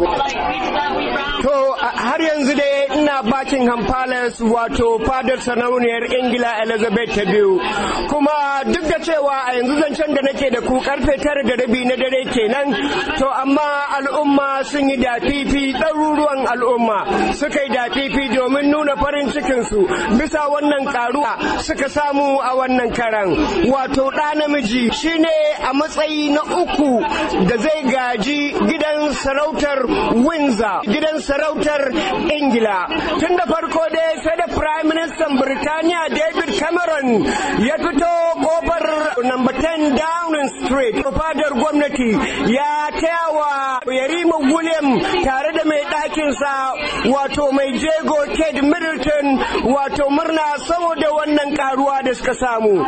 To har yanzu dai ina bakin Palace wato fadar sanauniyar Ingila Elizabeth ta biyu. Kuma duk da cewa a yanzu zancen da nake da ku karfe tara da rabi na dare kenan to amma al'umma sun yi dafifi ɗaruruwan al'umma suka yi dafifi domin nuna farin cikinsu bisa wannan karuwa suka samu a wannan karan wato ɗa namiji ne a matsayi na uku da zai gaji sarautar windsor gidan sarautar ingila tun da farko dai sai da prime minister birtaniya david cameron ya fito kofar number 10 downing street fadar gwamnati ya tayawa wa yarima william tare da mai ɗakinsa wato mai jego Ted Middleton wato murna saboda wannan karuwa da suka samu.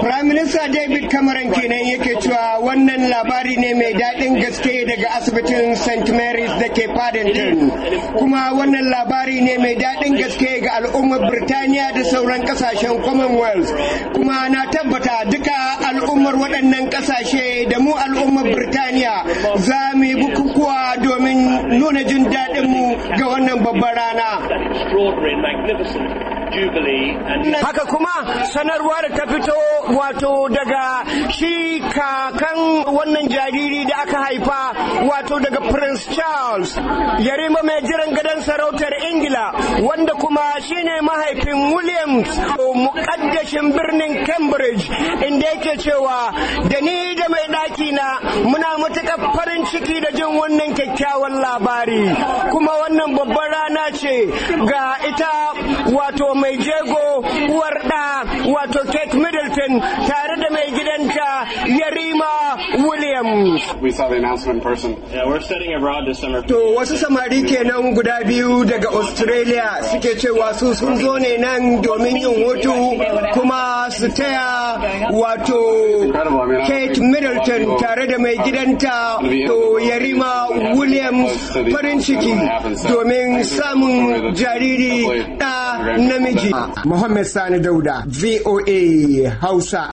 Prime Minister David Cameron kenan yake cewa wannan labari ne mai daɗin gaske daga asibitin St. Mary's da ke Paddington. Kuma wannan labari ne mai daɗin gaske ga al'ummar Birtaniya da sauran ƙasashen Commonwealth. Kuma na tabbata duka al'ummar waɗannan ƙasashe da mu al'ummar Birtaniya za mu yi bukukuwa domin nuna jin daɗinmu ga wannan babbar rana. Haka kuma sanarwar ta fito wato daga shi kakan wannan jariri da aka haifa wato daga Prince Charles yarima mai jiran gadon sarautar Ingila wanda kuma shine mahaifin Williams mukaddashin birnin Cambridge inda yake cewa da ni da mai ɗaki na muna matuƙar farin ciki da jin wannan kyakkyawan labari kuma wannan babbar ce ga ita wato mai jego uwar wato Kate Middleton tare da mai gidanta Yarima Williams. To wasu samari kenan guda biyu daga Australia suke cewa su sun zo ne nan domin yin hutu kuma su taya wato Kate Middleton tare da mai gidanta Yarima Williams farin ciki domin samun jariri ɗa namiji. Mohammed Sani Dauda, VOA Hausa.